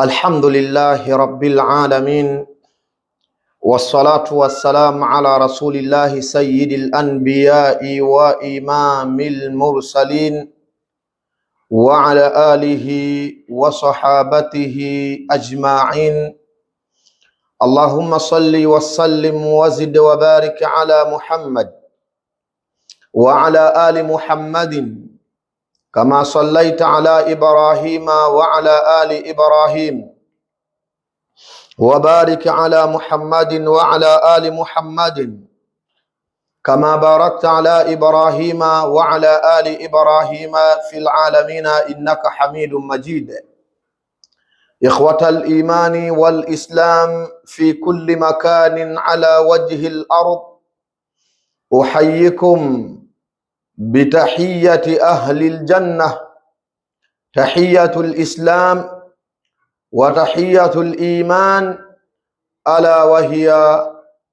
الحمد لله رب العالمين والصلاة والسلام على رسول الله سيد الأنبياء وإمام المرسلين وعلى آله وصحابته أجمعين اللهم صل وسلم وزد وبارك على محمد وعلى آل محمد كما صليت على إبراهيم وعلى آل إبراهيم وبارك على محمد وعلى آل محمد كما باركت على إبراهيم وعلى آل إبراهيم في العالمين إنك حميد مجيد إخوة الإيمان والإسلام في كل مكان على وجه الأرض أحييكم bitahiyati ahli ljanna tahiyatu lislam wa tahiyatu liman ala wahiya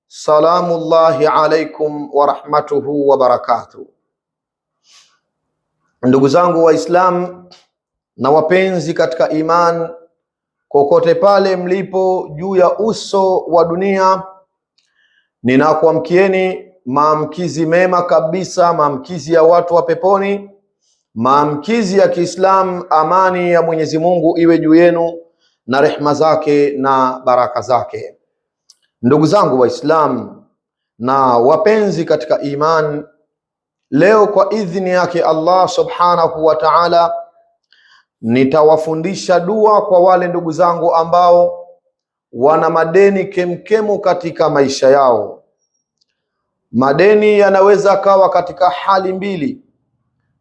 salamu llahi alaikum warahmatuhu wabarakatuh. Ndugu zangu Waislam na wapenzi katika iman, kokote pale mlipo juu ya uso wa dunia, ninakuamkieni maamkizi mema kabisa, maamkizi ya watu wa peponi, maamkizi ya Kiislamu. Amani ya Mwenyezi Mungu iwe juu yenu na rehma zake na baraka zake. Ndugu zangu Waislamu na wapenzi katika iman, leo kwa idhini yake Allah subhanahu wa ta'ala, nitawafundisha dua kwa wale ndugu zangu ambao wana madeni kemkemu katika maisha yao Madeni yanaweza kawa katika hali mbili.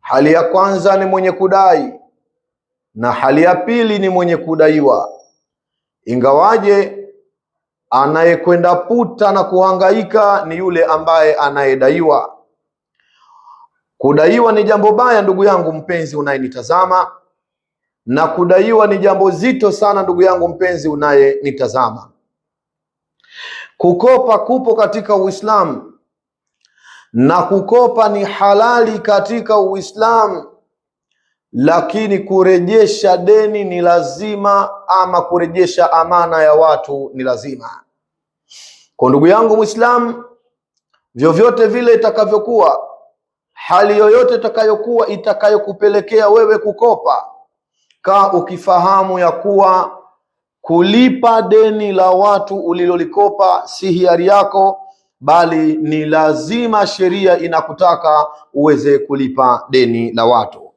Hali ya kwanza ni mwenye kudai na hali ya pili ni mwenye kudaiwa. Ingawaje anayekwenda puta na kuhangaika ni yule ambaye anayedaiwa. Kudaiwa ni jambo baya, ndugu yangu mpenzi unayenitazama, na kudaiwa ni jambo zito sana, ndugu yangu mpenzi unayenitazama. Kukopa kupo katika Uislamu na kukopa ni halali katika Uislamu, lakini kurejesha deni ni lazima, ama kurejesha amana ya watu ni lazima. Kwa ndugu yangu Muislamu, vyovyote vile itakavyokuwa, hali yoyote itakayokuwa itakayokupelekea wewe kukopa, kaa ukifahamu ya kuwa kulipa deni la watu ulilolikopa si hiari yako bali ni lazima sheria inakutaka uweze kulipa deni la watu,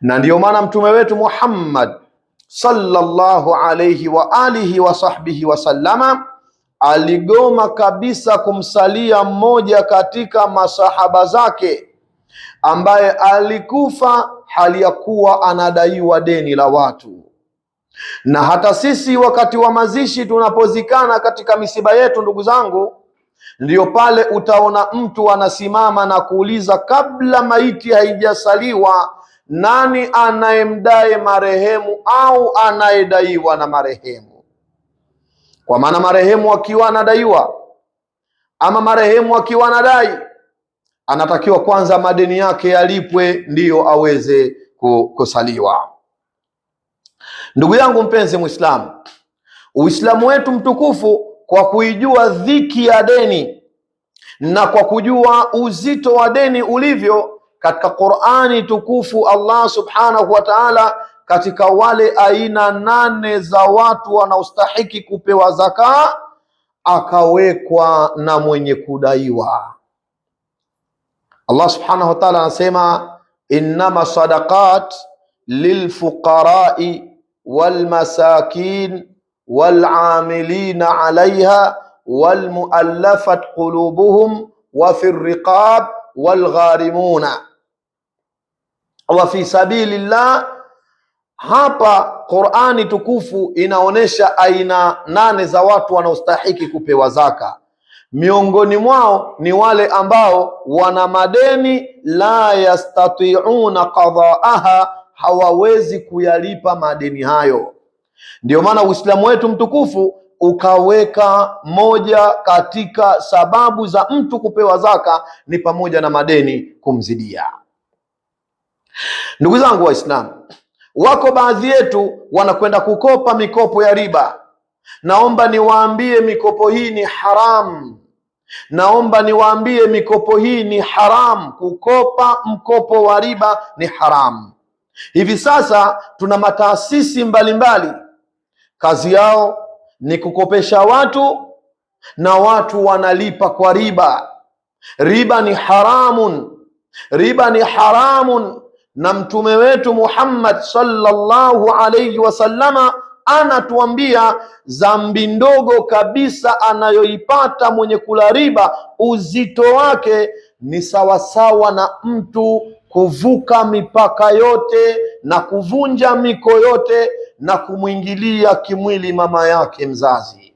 na ndiyo maana mtume wetu Muhammad sallallahu alayhi wa alihi wa sahbihi wasallama aligoma kabisa kumsalia mmoja katika masahaba zake ambaye alikufa hali ya kuwa anadaiwa deni la watu. Na hata sisi wakati wa mazishi tunapozikana katika misiba yetu, ndugu zangu Ndiyo pale utaona mtu anasimama na kuuliza kabla maiti haijasaliwa, nani anayemdai marehemu au anayedaiwa na marehemu? Kwa maana marehemu akiwa anadaiwa ama marehemu akiwa anadai, anatakiwa kwanza madeni yake yalipwe, ndiyo aweze kusaliwa. Ndugu yangu mpenzi Mwislamu, Uislamu wetu mtukufu kwa kuijua dhiki ya deni na kwa kujua uzito wa deni ulivyo katika Qur'ani tukufu. Allah subhanahu wa ta'ala, katika wale aina nane za watu wanaostahiki kupewa zaka, akawekwa na mwenye kudaiwa. Allah subhanahu wa ta'ala anasema innama sadaqat lilfuqarai walmasakin walamilina alaiha walmuallafat qulubuhum wa fi walgharimuna wa fi sabilillah. Hapa Qurani tukufu inaonyesha aina nane za watu wanaostahiki kupewa zaka. Miongoni mwao ni wale ambao wana madeni, la yastati'una qadaaha, hawawezi kuyalipa madeni hayo. Ndiyo maana Uislamu wetu mtukufu ukaweka moja katika sababu za mtu kupewa zaka ni pamoja na madeni kumzidia. Ndugu zangu Waislamu, wako baadhi yetu wanakwenda kukopa mikopo ya riba. Naomba niwaambie mikopo hii ni haramu. Naomba niwaambie mikopo hii ni haramu. Kukopa mkopo wa riba ni haramu. Hivi sasa tuna mataasisi mbalimbali Kazi yao ni kukopesha watu na watu wanalipa kwa riba. Riba ni haramun, riba ni haramun. Na mtume wetu Muhammad sallallahu alayhi wasallama anatuambia dhambi ndogo kabisa anayoipata mwenye kula riba, uzito wake ni sawasawa na mtu kuvuka mipaka yote na kuvunja miko yote na kumwingilia kimwili mama yake mzazi.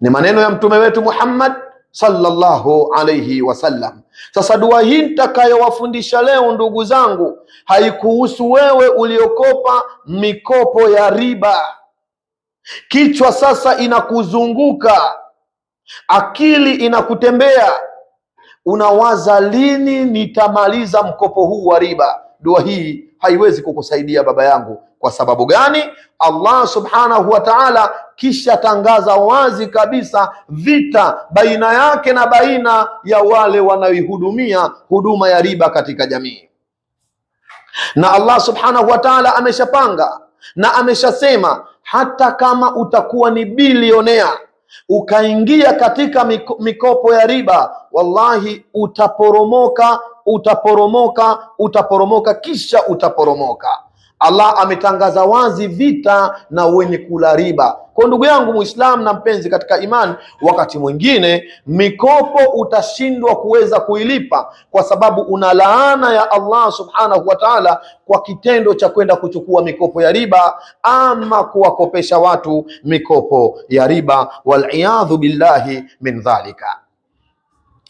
Ni maneno ya mtume wetu Muhammad sallallahu alayhi wasallam. Sasa dua hii nitakayowafundisha leo ndugu zangu, haikuhusu wewe uliokopa mikopo ya riba. Kichwa sasa inakuzunguka, akili inakutembea, unawaza lini nitamaliza mkopo huu wa riba. Dua hii haiwezi kukusaidia baba yangu, kwa sababu gani? Allah subhanahu wa ta'ala kisha tangaza wazi kabisa vita baina yake na baina ya wale wanaoihudumia huduma ya riba katika jamii, na Allah subhanahu wa ta'ala ameshapanga na ameshasema hata kama utakuwa ni bilionea ukaingia katika mikopo ya riba, wallahi utaporomoka, utaporomoka, utaporomoka, kisha utaporomoka. Allah ametangaza wazi vita na wenye kula riba. Kwa ndugu yangu Muislamu na mpenzi katika imani, wakati mwingine mikopo utashindwa kuweza kuilipa kwa sababu una laana ya Allah subhanahu wa ta'ala kwa kitendo cha kwenda kuchukua mikopo ya riba ama kuwakopesha watu mikopo ya riba, waliyadhu billahi min dhalika.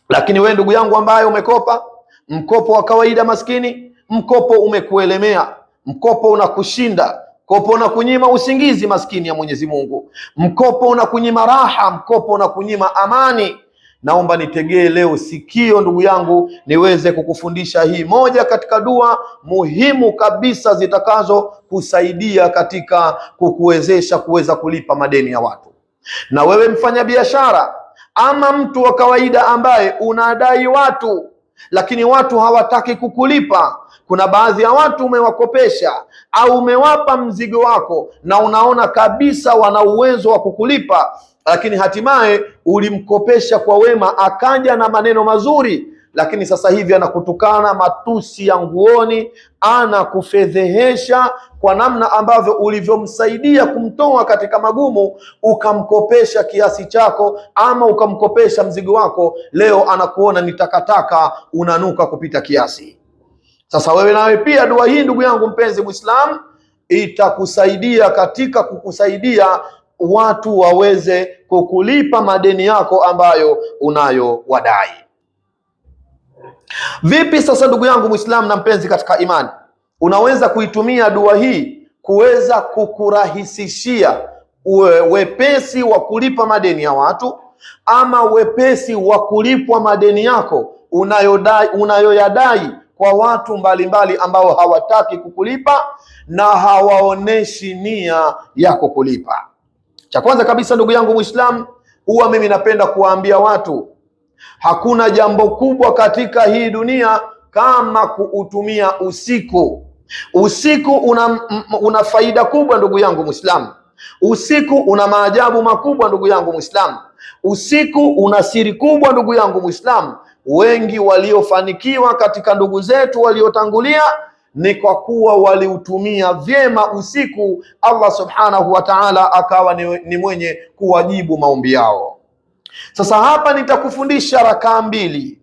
Lakini wewe ndugu yangu ambaye umekopa mkopo wa kawaida maskini, mkopo umekuelemea Mkopo unakushinda, mkopo unakunyima usingizi, maskini ya Mwenyezi Mungu, mkopo unakunyima raha, mkopo unakunyima amani. Naomba nitegee leo sikio ndugu yangu, niweze kukufundisha hii moja katika dua muhimu kabisa zitakazo kusaidia katika kukuwezesha kuweza kulipa madeni ya watu. Na wewe mfanyabiashara ama mtu wa kawaida ambaye unadai watu lakini watu hawataki kukulipa. Kuna baadhi ya watu umewakopesha au umewapa mzigo wako na unaona kabisa wana uwezo wa kukulipa, lakini hatimaye ulimkopesha kwa wema, akaja na maneno mazuri lakini sasa hivi anakutukana matusi ya nguoni, anakufedhehesha kwa namna ambavyo ulivyomsaidia kumtoa katika magumu, ukamkopesha kiasi chako ama ukamkopesha mzigo wako, leo anakuona ni takataka, unanuka kupita kiasi. Sasa wewe nawe pia, dua hii ndugu yangu mpenzi Muislamu, itakusaidia katika kukusaidia watu waweze kukulipa madeni yako ambayo unayo wadai. Vipi sasa, ndugu yangu Muislamu na mpenzi katika imani, unaweza kuitumia dua hii kuweza kukurahisishia uwe, wepesi wa kulipa madeni ya watu ama wepesi wa kulipwa madeni yako unayodai unayoyadai kwa watu mbalimbali ambao hawataki kukulipa na hawaoneshi nia ya kukulipa. Cha kwanza kabisa, ndugu yangu Muislamu, huwa mimi napenda kuwaambia watu Hakuna jambo kubwa katika hii dunia kama kuutumia usiku. Usiku una, una faida kubwa ndugu yangu Muislamu. Usiku una maajabu makubwa ndugu yangu Muislamu. Usiku una siri kubwa ndugu yangu Muislamu. Wengi waliofanikiwa katika ndugu zetu waliotangulia ni kwa kuwa waliutumia vyema usiku, Allah subhanahu wa ta'ala akawa ni, ni mwenye kuwajibu maombi yao. Sasa hapa nitakufundisha rakaa mbili,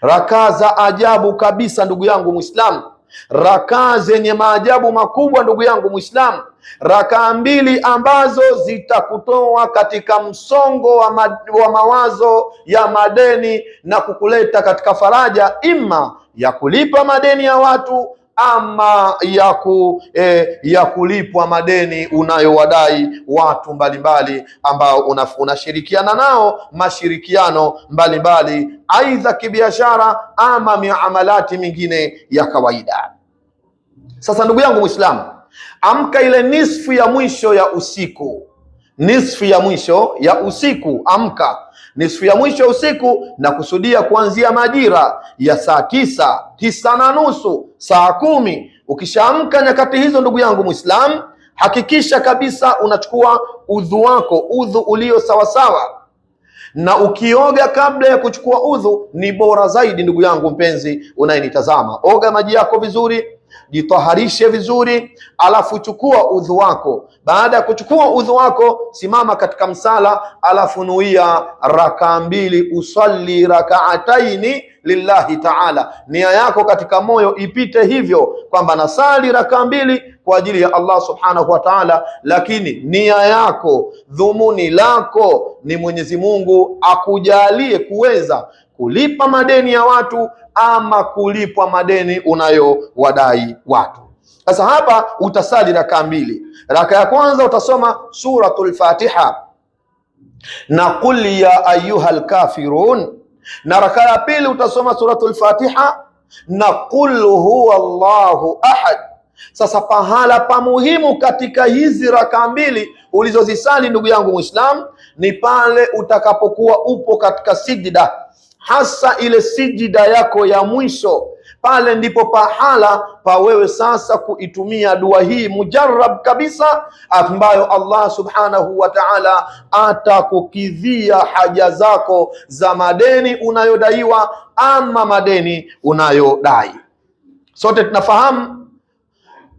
rakaa za ajabu kabisa, ndugu yangu Muislamu, rakaa zenye maajabu makubwa, ndugu yangu Muislamu, rakaa mbili ambazo zitakutoa katika msongo wa, ma, wa mawazo ya madeni na kukuleta katika faraja, ima ya kulipa madeni ya watu ama ya ku, eh, ya kulipwa madeni unayowadai watu mbalimbali ambao unashirikiana nao mashirikiano mbalimbali, aidha kibiashara ama miamalati mingine ya kawaida. Sasa ndugu yangu Muislamu, amka ile nisfu ya mwisho ya usiku, nisfu ya mwisho ya usiku, amka Nisfu ya mwisho ya usiku na kusudia kuanzia majira ya saa tisa, tisa na nusu, saa kumi. Ukishaamka nyakati hizo, ndugu yangu Muislamu, hakikisha kabisa unachukua udhu wako, udhu ulio sawasawa na ukioga kabla ya kuchukua udhu ni bora zaidi. Ndugu yangu mpenzi unayenitazama, oga maji yako vizuri, jitaharishe vizuri, alafu chukua udhu wako. Baada ya kuchukua udhu wako, simama katika msala, alafu nuia rakaa mbili, usalli rakaataini lillahi taala, nia yako katika moyo ipite hivyo kwamba nasali raka mbili kwa ajili ya Allah subhanahu wa taala, lakini nia yako, dhumuni lako ni Mwenyezi Mungu akujalie kuweza kulipa madeni ya watu ama kulipwa madeni unayowadai watu. Sasa hapa utasali raka mbili. Raka ya kwanza utasoma suratul Fatiha na qul ya ayyuhal kafirun na rakaa ya pili utasoma suratul Fatiha na qul huwa Allahu ahad. Sasa pahala pa muhimu katika hizi rakaa mbili ulizozisali ndugu yangu Muislam ni pale utakapokuwa upo katika sijida, hasa ile sijida yako ya mwisho pale ndipo pahala pa wewe sasa kuitumia dua hii mujarrab kabisa, ambayo Allah subhanahu wa ta'ala atakukidhia haja zako za madeni unayodaiwa ama madeni unayodai. Sote tunafahamu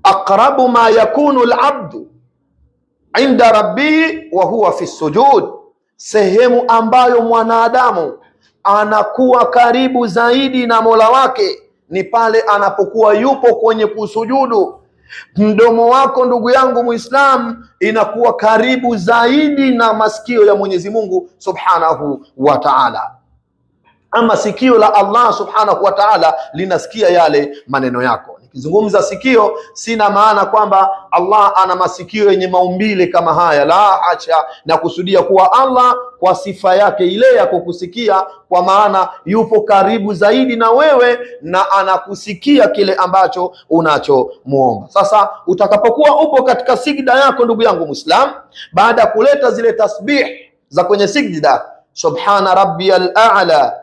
aqrabu ma yakunu labdu inda rabbihi wa huwa fi sujud, sehemu ambayo mwanadamu anakuwa karibu zaidi na Mola wake ni pale anapokuwa yupo kwenye kusujudu. Mdomo wako ndugu yangu Muislamu inakuwa karibu zaidi na masikio ya Mwenyezi Mungu Subhanahu wa Ta'ala. Ama sikio la Allah Subhanahu wa Ta'ala linasikia yale maneno yako. Ukizungumza sikio, sina maana kwamba Allah ana masikio yenye maumbile kama haya, la hasha na kusudia kuwa Allah kwa sifa yake ile ya kukusikia, kwa maana yupo karibu zaidi na wewe na anakusikia kile ambacho unachomuomba. Sasa utakapokuwa upo katika sigda yako, ndugu yangu Muislam, baada ya kuleta zile tasbih za kwenye sigda, subhana rabbiyal a'la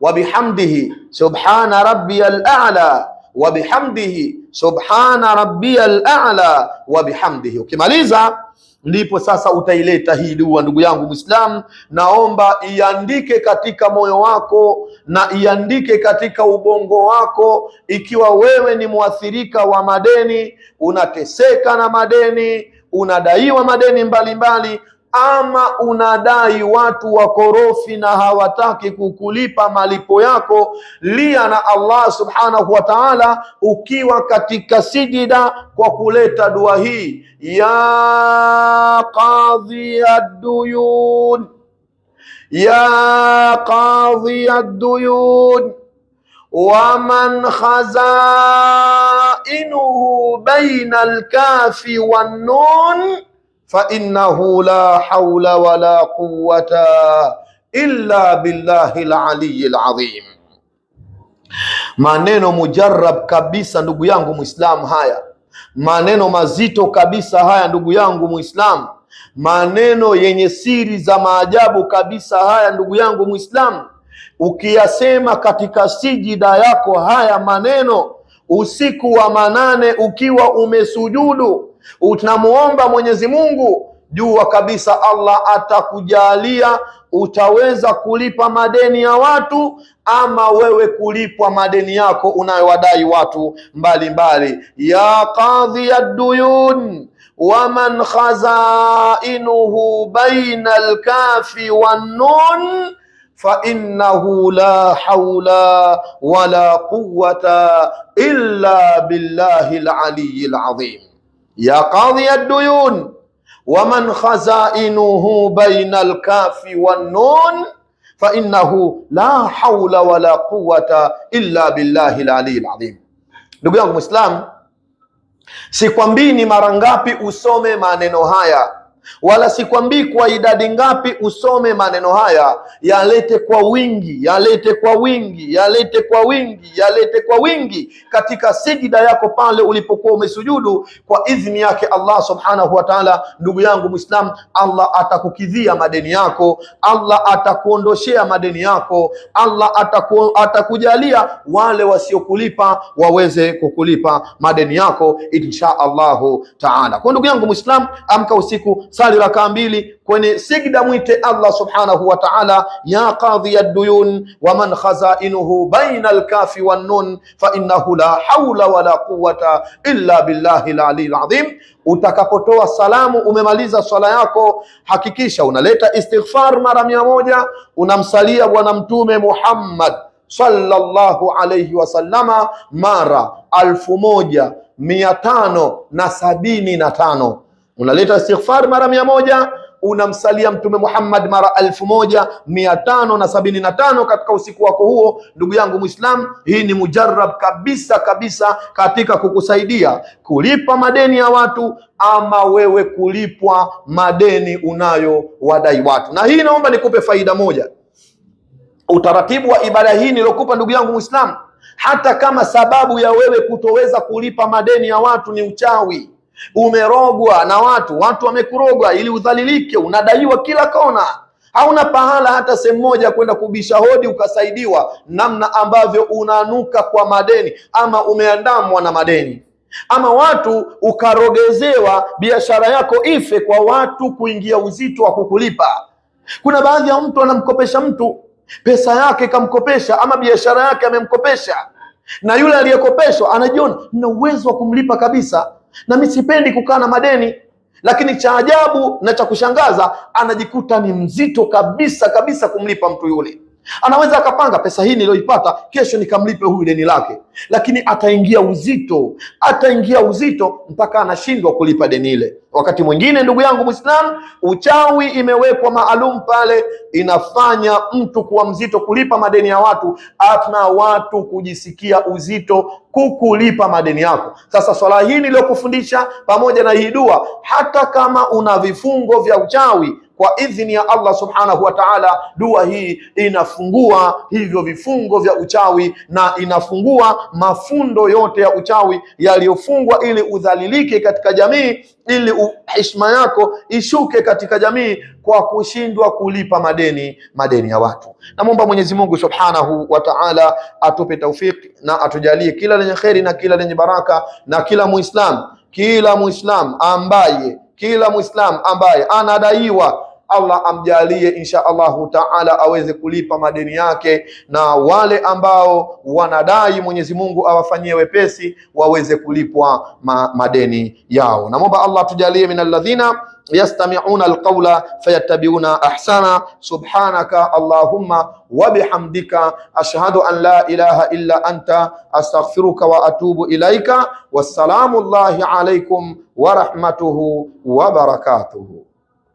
wa bihamdihi, subhana rabbiyal a'la wa bihamdihi subhana rabbiyal a'la wa bihamdihi. Ukimaliza ndipo sasa utaileta hii dua. Ndugu yangu Muislam, naomba iandike katika moyo wako na iandike katika ubongo wako. Ikiwa wewe ni mwathirika wa madeni, unateseka na madeni, unadaiwa madeni mbalimbali mbali, ama unadai watu wakorofi na hawataki kukulipa malipo yako, lia na Allah subhanahu wa ta'ala, ukiwa katika sijida kwa kuleta dua hii ya qadhi ad-duyun, ya qadhi ad-duyun waman khazainuhu baina al-kafi wan-nun fa innahu la haula wala quwwata illa billahi laliyil ladhim Maneno mujarab kabisa, ndugu yangu Muislamu, haya maneno mazito kabisa haya, ndugu yangu Muislamu, maneno yenye siri za maajabu kabisa haya, ndugu yangu Muislamu, ukiyasema katika sijida yako haya maneno usiku wa manane ukiwa umesujudu Tunamuomba Mwenyezi Mungu, jua kabisa Allah atakujalia utaweza kulipa madeni ya watu ama wewe kulipwa madeni yako unayowadai watu mbalimbali mbali. ya qadhi ad-duyun waman khazainuhu baina al-kafi wan-nun fa innahu la haula wala quwwata illa billahi al-aliyyil azim ya qadhiya duyun wa man khazainuhu baina alkafi wannun fa innahu la haula wala quwata illa billahi alali alazim. Ndugu yangu Muislam, sikwambii ni mara ngapi usome maneno haya wala sikwambii kwa idadi ngapi usome maneno haya, yalete kwa wingi, yalete kwa wingi, yalete kwa wingi, yalete kwa wingi katika sijida yako pale ulipokuwa umesujudu. Kwa idhini yake Allah subhanahu wa ta'ala, ndugu yangu Muislam, Allah atakukidhia madeni yako, Allah atakuondoshea madeni yako, Allah ataku, atakujalia wale wasiokulipa waweze kukulipa madeni yako insha Allahu taala. Kwa ndugu yangu Muislam, amka usiku sali rakaa mbili kwenye sijda, mwite Allah subhanahu wa ta'ala, ya qadhiya duyun wa man khazainuhu baina alkafi wan nun fa innahu la haula wala quwwata illa billahi aliyil azim. Utakapotoa salamu, umemaliza swala yako, hakikisha unaleta istighfar mara mia moja, unamsalia Bwana Mtume Muhammad sallallahu alayhi wasallama mara alfu moja mia tano na sabini na tano unaleta istighfar mara mia moja unamsalia Mtume Muhammad mara alfu moja mia tano na sabini na tano katika usiku wako huo. Ndugu yangu Muislam, hii ni mujarab kabisa kabisa katika kukusaidia kulipa madeni ya watu ama wewe kulipwa madeni unayo wadai watu. Na hii naomba nikupe faida moja, utaratibu wa ibada hii nilokupa ndugu yangu Muislam, hata kama sababu ya wewe kutoweza kulipa madeni ya watu ni uchawi Umerogwa na watu, watu wamekurogwa ili udhalilike, unadaiwa kila kona, hauna pahala hata sehemu moja kwenda kubisha hodi ukasaidiwa, namna ambavyo unanuka kwa madeni ama umeandamwa na madeni ama watu ukarogezewa, biashara yako ife kwa watu kuingia uzito wa kukulipa. Kuna baadhi ya mtu anamkopesha mtu pesa yake, kamkopesha ama biashara yake amemkopesha, na yule aliyekopeshwa anajiona na uwezo wa kumlipa kabisa, na mi sipendi kukaa na madeni, lakini cha ajabu na cha kushangaza anajikuta ni mzito kabisa kabisa kumlipa mtu yule. Anaweza akapanga pesa hii niliyoipata kesho nikamlipe huyu deni lake, lakini ataingia uzito, ataingia uzito mpaka anashindwa kulipa deni ile. Wakati mwingine, ndugu yangu Muislamu, uchawi imewekwa maalum pale, inafanya mtu kuwa mzito kulipa madeni ya watu, hata watu kujisikia uzito kukulipa madeni yako. Sasa swala hii niliyokufundisha pamoja na hii dua, hata kama una vifungo vya uchawi kwa idhini ya Allah subhanahu wa ta'ala, dua hii inafungua hivyo vifungo vya uchawi na inafungua mafundo yote ya uchawi yaliyofungwa, ili udhalilike katika jamii, ili heshima yako ishuke katika jamii kwa kushindwa kulipa madeni madeni ya watu. Namwomba Mwenyezi Mungu subhanahu wa ta'ala atupe taufik na atujalie kila lenye kheri na kila lenye baraka, na kila Muislam kila Muislam ambaye kila mwislamu ambaye anadaiwa Allah amjalie insha Allahu taala aweze kulipa madeni yake, na wale ambao wanadai Mwenyezi Mungu awafanyie wepesi waweze kulipwa ma madeni yao. Namwomba Allah tujalie minalladhina يستمعون القول فيتبعون أحسنه سبحانك اللهم وبحمدك أشهد أن لا إله إلا أنت أستغفرك وأتوب إليك والسلام الله عليكم ورحمته وبركاته